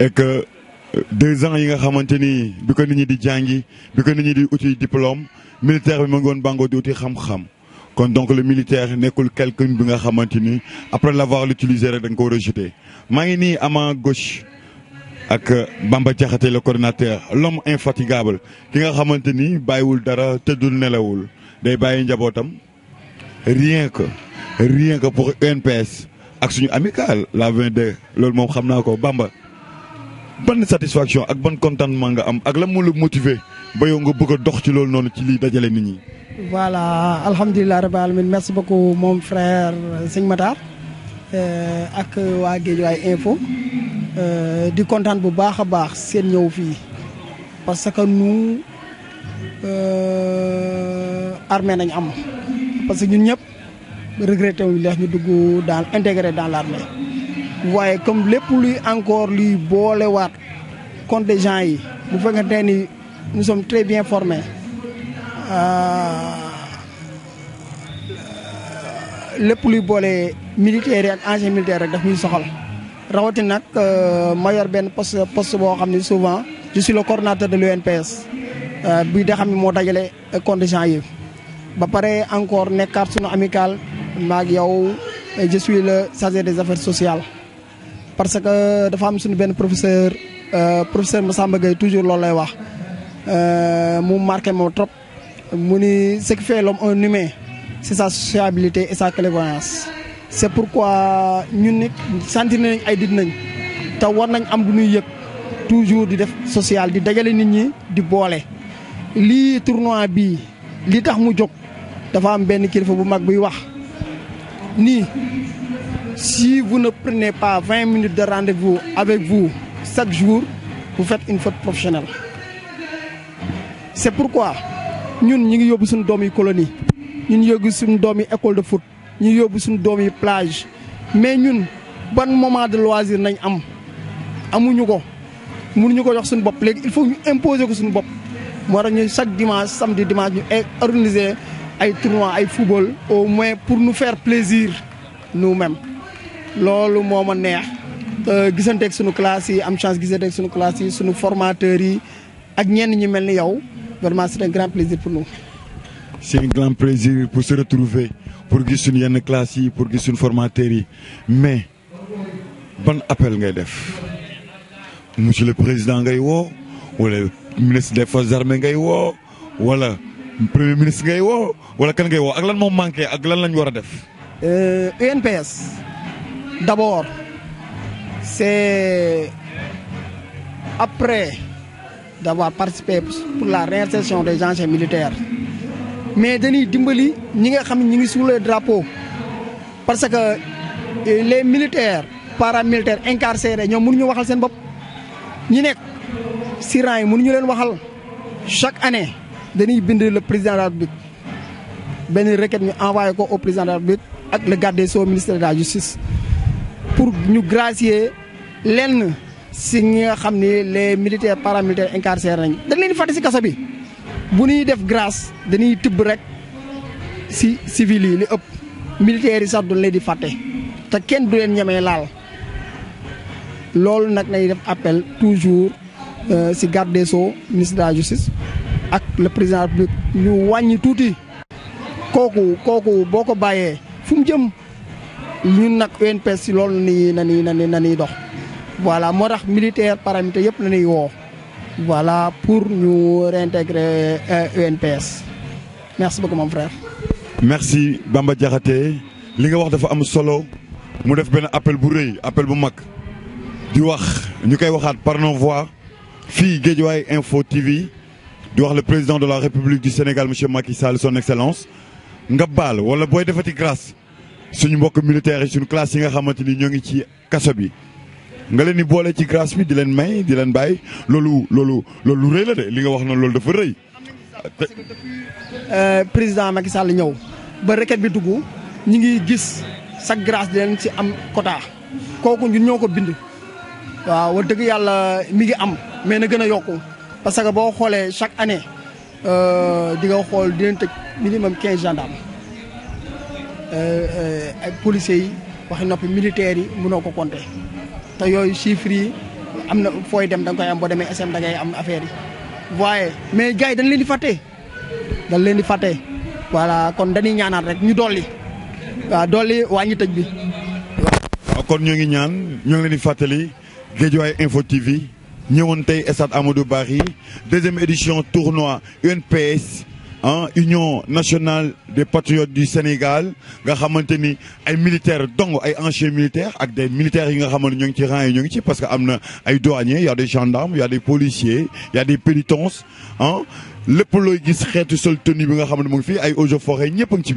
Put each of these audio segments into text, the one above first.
et que euh, deux ans il nga a ni bi ko nit ñi di jangi biko di outil diplôme militaire bi ma ngi woon di outil xam donc le militaire n'écoute quelqu'un bi nga après l'avoir l'utilisé il a rejeté Maïni à ma ama gauche ak euh, Bamba le coordinateur l'homme infatigable qui nga xamante ni Bayoul dara tedul nelawul day Bayen njabootam rien que rien que pour NPS. ak suñu amical la 22 loolu mom xamna ko Bamba ban satisfaction ak ban contentement nga am ak lan mo la motiver ba yow nga bëgg dox ci loolu non ci li dajalé nit ñi. voilà alhamdullilah rabbil alamin merci beaucoup mon frère euh, sëñ Matar euh, ak wa waa way info euh di contente bu baaxa baax seen ñew fi parce que nous euh armé nañ am parce que ñun ñëpp. regretté wuñ leex ñu dugg dans intégré dans l'armée waaye comme lépp luy encore luy boolewaat contingent yi bu fekkente ni nous très bien formés euh, lépp luy boole militaires yi ak anciens militaires rek daf ñuy soxal rawati nag euh, ma yor benn post poste boo xam ne souvent je la le coordonnateur de l'UNPS euh, bi nga xam ne moo dajale contingent yi ba pare encore nekkaat sunu amical mag yow je suis le chargé des affaires sociales parce que dafa am suñu ben professeur euh, professeur Moussa Gueye toujours lolay wax euh mu marqué mo trop mu ni ce qui fait l'homme un humain c'est sa sociabilité et sa clairvoyance c'est pourquoi ñun nit sentir nañ ay dit nañ taw war nañ am bu ñuy yek toujours di def social di dajale nit ñi di bolé li tournoi bi li tax mu jog dafa am ben kilifa bu mag buy wax ni si vous ne prenez pas 20 minutes de rendez-vous avec vous chaque jour, vous faites une faute professionnelle. C'est pourquoi nous, sommes en colonie nous devons suñu école de foot nous devons suñu en plage mais un bon moment de loisir Nous am amuñu ko Nous ko jox suñu il faut imposer que nous bopp moo Moi, chaque dimanche samedi dimanche nous organiser ay tournoi ay football au moins pour nous faire plaisir nous-mêmes C'est ce que je veux nous classe yi am chance gisanteeg suñu classe yi formateurs yi ak ñenn ñi vraiment c'est un grand plaisir pour nous. c'est un grand plaisir pour se retrouver pour voir classe pour voir formateurs mais bon appel ngay def monsieur le président ngay le ministre des forces armées ngay premier ministre ngay woo wala kan woo ak lan moo manqué ak lan lañ war a def. Euh, UNPS d'abord c'est après d'avoir participé pour la réinsertion des anciens militaires mais dañuy dimbali ñi nga xam ne ñi ngi sous le parce que euh, les militaires paramilitaires incarcérés ñoom mënuñu waxal seen bopp ñi nekk si rang yi mënuñu leen waxal chaque année. dañuy bind le président de la République benn requête ñu envoyé ko au président de la ak le garde des sceaux ministre de la justice pour ñu gracier lenn si ñi nga xam ni les militaires paramilitaires incarcérés nañu dañ leen di fàtte si kaso bi bu ñuy def grâce dañuy tibb rek si civil yi li ëpp militaires yi sax duñ leen di fàtte te kenn du leen ñemee laal loolu nag nañ def appel toujours euh, si garde des sceaux ministre de justice ak le président République ñu sommes tuuti koku koku boko jëm UNPS voilà militaire voilà pour nous réintégrer euh, UNPS merci beaucoup mon frère. merci Bamba Diakhaté li nga wax dafa solo mu def appel bu appel par nos voix Info TV di wax le président de la république du Sénégal monsieur Macky Sall son excellence nga baal wala booy defati grâce suñu mbokk militaires yi suñu classe yi nga xamante ni ñoo ngi ci kaso bi nga leen di ci grâce bi di leen may di leen bàyyi loolu loolu loolu rëy la de li nga wax noonu loolu dafa rëy. Euh, président Macky Sall ñëw ba requête bi dugg ñi ngi gis sa grâce di leen ci am quota kooku ñun ñoo ko bind. Wa, wax dëgg yàlla mi ngi am mais na gën a parce que boo xoolee chaque année euh, di nga xool dinañ tëj minimum quinze gendarmes euh, euh, ay policier yi waxi noppi militaires yi mënoo ko compter te yooyu chiffres yi am na fooy dem da koy am boo demee SM da ngay am affaire yi. waaye mais gars yi leen di fàtte dañ leen di fàtte voilà kon dañuy ñaanaat rek ñu dolli waaw dolli wàññi tëj bi. waaw kon ñoo ngi ñaan ñoo ngi leen di fàttali Guédiawaye Info TV. Amadou deuxième édition tournoi UNPS hein, Union nationale des patriotes du Sénégal nga un ay militaires militaires des militaires qui nga parce qu'il y a des gendarmes y a des policiers y a des pénitents le qui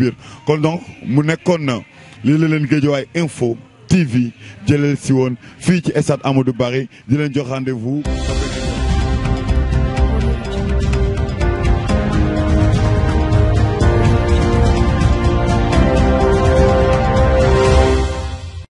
les donc info. TV Djelel Siwon, Fitch et ci stade Amadou Barry di rendez-vous.